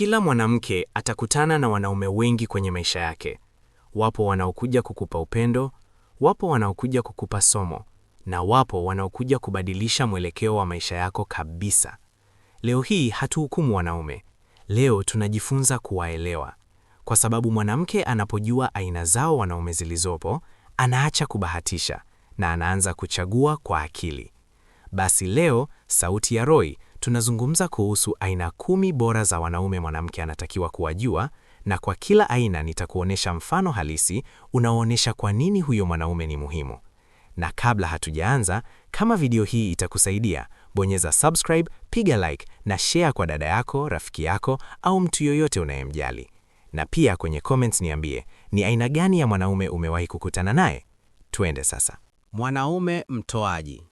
Kila mwanamke atakutana na wanaume wengi kwenye maisha yake. Wapo wanaokuja kukupa upendo, wapo wanaokuja kukupa somo, na wapo wanaokuja kubadilisha mwelekeo wa maisha yako kabisa. Leo hii hatuhukumu wanaume. Leo tunajifunza kuwaelewa, kwa sababu mwanamke anapojua aina zao wanaume zilizopo, anaacha kubahatisha na anaanza kuchagua kwa akili. Basi leo sauti ya Roy tunazungumza kuhusu aina kumi bora za wanaume mwanamke anatakiwa kuwajua, na kwa kila aina nitakuonyesha mfano halisi unaoonyesha kwa nini huyo mwanaume ni muhimu. Na kabla hatujaanza, kama video hii itakusaidia, bonyeza subscribe, piga like na share kwa dada yako, rafiki yako au mtu yoyote unayemjali. Na pia kwenye comments niambie ni aina gani ya mwanaume umewahi kukutana naye. Twende sasa. Mwanaume mtoaji.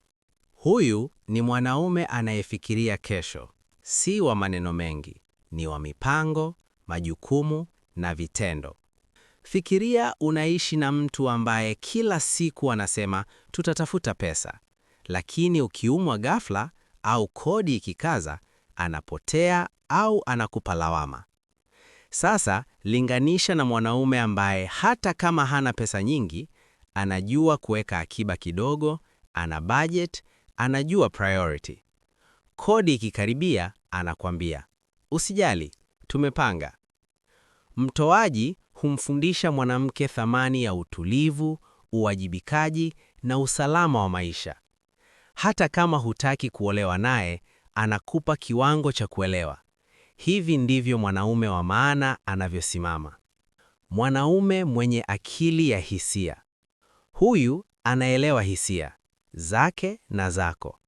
Huyu ni mwanaume anayefikiria kesho, si wa maneno mengi, ni wa mipango, majukumu na vitendo. Fikiria unaishi na mtu ambaye kila siku anasema tutatafuta pesa, lakini ukiumwa ghafla au kodi ikikaza, anapotea au anakupa lawama. Sasa linganisha na mwanaume ambaye hata kama hana pesa nyingi, anajua kuweka akiba kidogo, ana budget anajua priority. Kodi ikikaribia, anakwambia usijali, tumepanga. Mtoaji humfundisha mwanamke thamani ya utulivu, uwajibikaji na usalama wa maisha. Hata kama hutaki kuolewa naye, anakupa kiwango cha kuelewa. Hivi ndivyo mwanaume wa maana anavyosimama. Mwanaume mwenye akili ya hisia. Huyu anaelewa hisia zake na zako.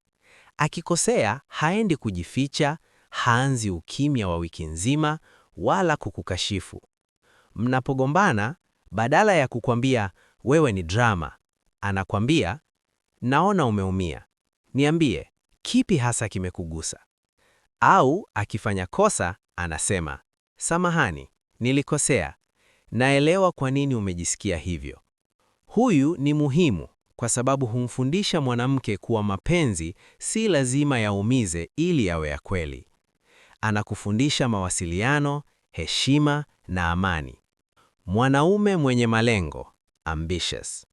Akikosea haendi kujificha, haanzi ukimya wa wiki nzima wala kukukashifu. Mnapogombana, badala ya kukwambia wewe ni drama, anakwambia naona umeumia, niambie kipi hasa kimekugusa. Au akifanya kosa, anasema samahani, nilikosea, naelewa kwa nini umejisikia hivyo. Huyu ni muhimu kwa sababu humfundisha mwanamke kuwa mapenzi si lazima yaumize ili yawe ya kweli. Anakufundisha mawasiliano, heshima na amani. Mwanaume mwenye malengo, ambitious.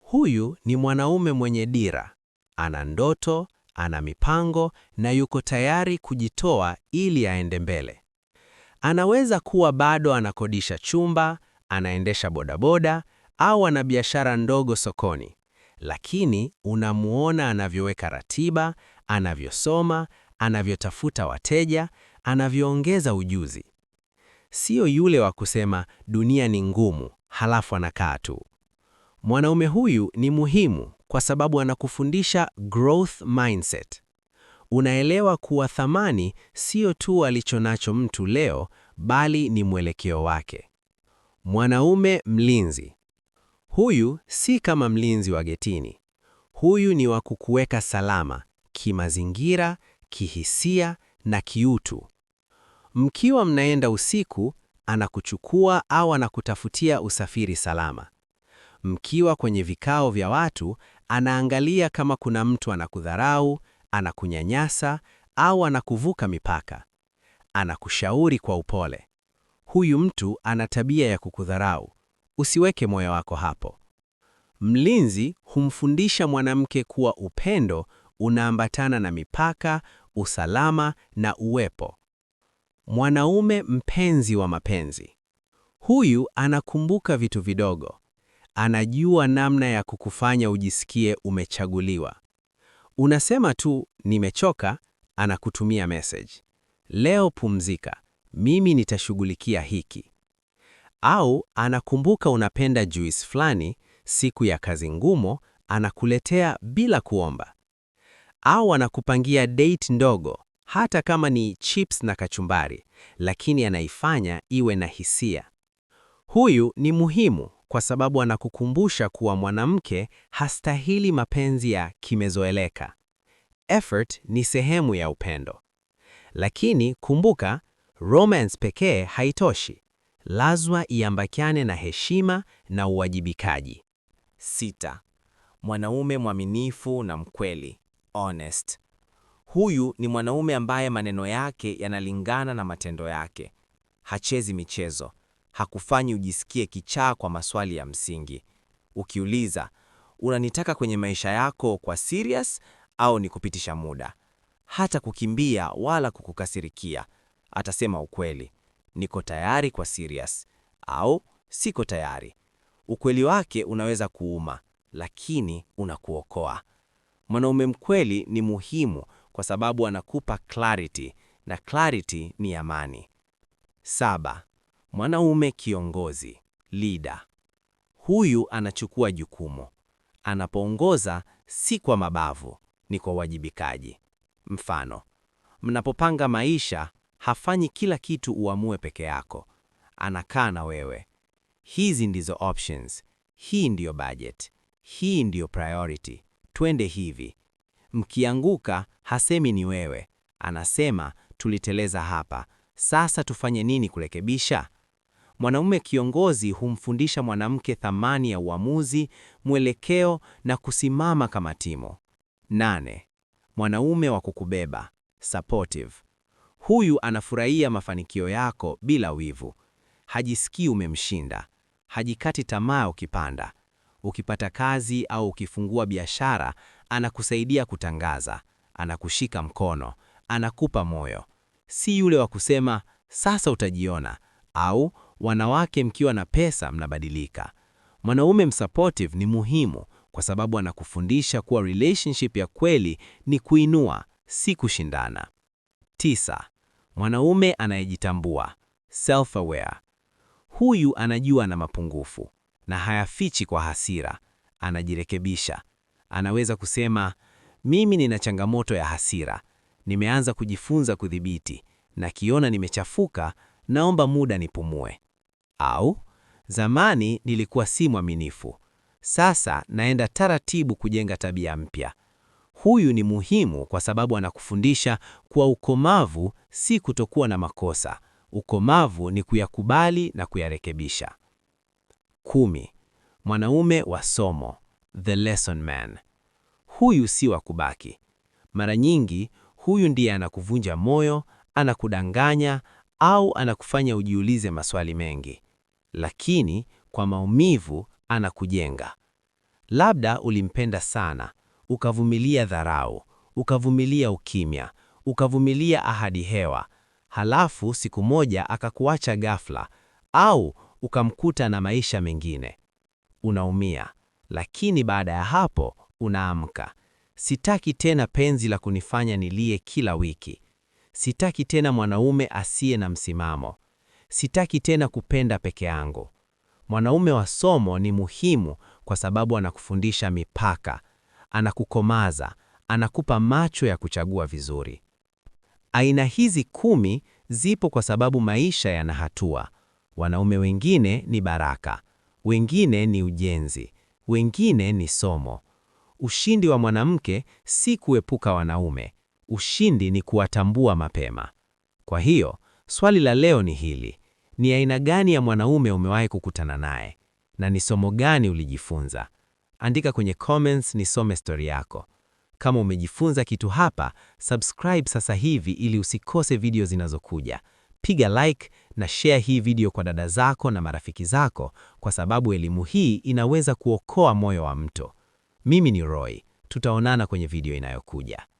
Huyu ni mwanaume mwenye dira, ana ndoto, ana mipango na yuko tayari kujitoa ili aende mbele. Anaweza kuwa bado anakodisha chumba, anaendesha bodaboda au ana biashara ndogo sokoni, lakini unamuona anavyoweka ratiba, anavyosoma, anavyotafuta wateja, anavyoongeza ujuzi. Sio yule wa kusema dunia ni ngumu, halafu anakaa tu. Mwanaume huyu ni muhimu kwa sababu anakufundisha growth mindset. Unaelewa kuwa thamani sio tu alichonacho mtu leo, bali ni mwelekeo wake. Mwanaume mlinzi Huyu si kama mlinzi wa getini. Huyu ni wa kukuweka salama kimazingira, kihisia na kiutu. Mkiwa mnaenda usiku, anakuchukua au anakutafutia usafiri salama. Mkiwa kwenye vikao vya watu, anaangalia kama kuna mtu anakudharau, anakunyanyasa au anakuvuka mipaka. Anakushauri kwa upole. Huyu mtu ana tabia ya kukudharau. Usiweke moyo wako hapo. Mlinzi humfundisha mwanamke kuwa upendo unaambatana na mipaka, usalama na uwepo. Mwanaume mpenzi wa mapenzi. Huyu anakumbuka vitu vidogo. Anajua namna ya kukufanya ujisikie umechaguliwa. Unasema tu nimechoka, anakutumia message. Leo pumzika. Mimi nitashughulikia hiki. Au anakumbuka unapenda juis fulani, siku ya kazi ngumu anakuletea bila kuomba. Au anakupangia date ndogo, hata kama ni chips na kachumbari, lakini anaifanya iwe na hisia. Huyu ni muhimu kwa sababu anakukumbusha kuwa mwanamke hastahili mapenzi ya kimezoeleka. Effort ni sehemu ya upendo. Lakini kumbuka, romance pekee haitoshi lazwa iambakiane na heshima na uwajibikaji. Sita, mwanaume mwaminifu na mkweli, honest. Huyu ni mwanaume ambaye maneno yake yanalingana na matendo yake. Hachezi michezo, hakufanyi ujisikie kichaa kwa maswali ya msingi. Ukiuliza unanitaka kwenye maisha yako kwa serious au ni kupitisha muda, hata kukimbia wala kukukasirikia, atasema ukweli niko tayari kwa serious au siko tayari. Ukweli wake unaweza kuuma, lakini unakuokoa. Mwanaume mkweli ni muhimu kwa sababu anakupa clarity na clarity ni amani. Saba, mwanaume kiongozi, leader. Huyu anachukua jukumu. Anapoongoza si kwa mabavu, ni kwa uwajibikaji. Mfano, mnapopanga maisha hafanyi kila kitu uamue peke yako, anakaa na wewe. Hizi ndizo options, hii ndiyo budget, hii ndiyo priority, twende hivi. Mkianguka hasemi ni wewe, anasema tuliteleza hapa, sasa tufanye nini kurekebisha? mwanaume kiongozi humfundisha mwanamke thamani ya uamuzi, mwelekeo na kusimama kama timu. Nane, mwanaume wa kukubeba supportive. Huyu anafurahia mafanikio yako bila wivu, hajisikii umemshinda, hajikati tamaa ukipanda. Ukipata kazi au ukifungua biashara, anakusaidia kutangaza, anakushika mkono, anakupa moyo. Si yule wa kusema sasa utajiona, au wanawake mkiwa na pesa mnabadilika. Mwanaume msupportive ni muhimu kwa sababu anakufundisha kuwa relationship ya kweli ni kuinua, si kushindana. Tisa, mwanaume anayejitambua, self aware. Huyu anajua na mapungufu na hayafichi kwa hasira, anajirekebisha. Anaweza kusema mimi nina changamoto ya hasira, nimeanza kujifunza kudhibiti, na kiona nimechafuka, naomba muda nipumue. Au zamani nilikuwa si mwaminifu, sasa naenda taratibu kujenga tabia mpya. Huyu ni muhimu kwa sababu anakufundisha kuwa ukomavu si kutokuwa na makosa. Ukomavu ni kuyakubali na kuyarekebisha. Kumi. Mwanaume wa somo, the lesson man. Huyu si wa kubaki. Mara nyingi huyu ndiye anakuvunja moyo, anakudanganya au anakufanya ujiulize maswali mengi, lakini kwa maumivu anakujenga. Labda ulimpenda sana ukavumilia dharau, ukavumilia ukimya, ukavumilia ahadi hewa. Halafu siku moja akakuacha ghafla, au ukamkuta na maisha mengine. Unaumia, lakini baada ya hapo unaamka. Sitaki tena penzi la kunifanya nilie kila wiki. Sitaki tena mwanaume asiye na msimamo. Sitaki tena kupenda peke yangu. Mwanaume wa somo ni muhimu kwa sababu anakufundisha mipaka anakukomaza, anakupa macho ya kuchagua vizuri. Aina hizi kumi zipo kwa sababu maisha yana hatua. Wanaume wengine ni baraka, wengine ni ujenzi, wengine ni somo. Ushindi wa mwanamke si kuepuka wanaume, ushindi ni kuwatambua mapema. Kwa hiyo swali la leo ni hili: ni aina gani ya mwanaume umewahi kukutana naye, na ni somo gani ulijifunza? andika kwenye comments nisome story yako. Kama umejifunza kitu hapa, subscribe sasa hivi ili usikose video zinazokuja. Piga like na share hii video kwa dada zako na marafiki zako, kwa sababu elimu hii inaweza kuokoa moyo wa mtu. Mimi ni Roy, tutaonana kwenye video inayokuja.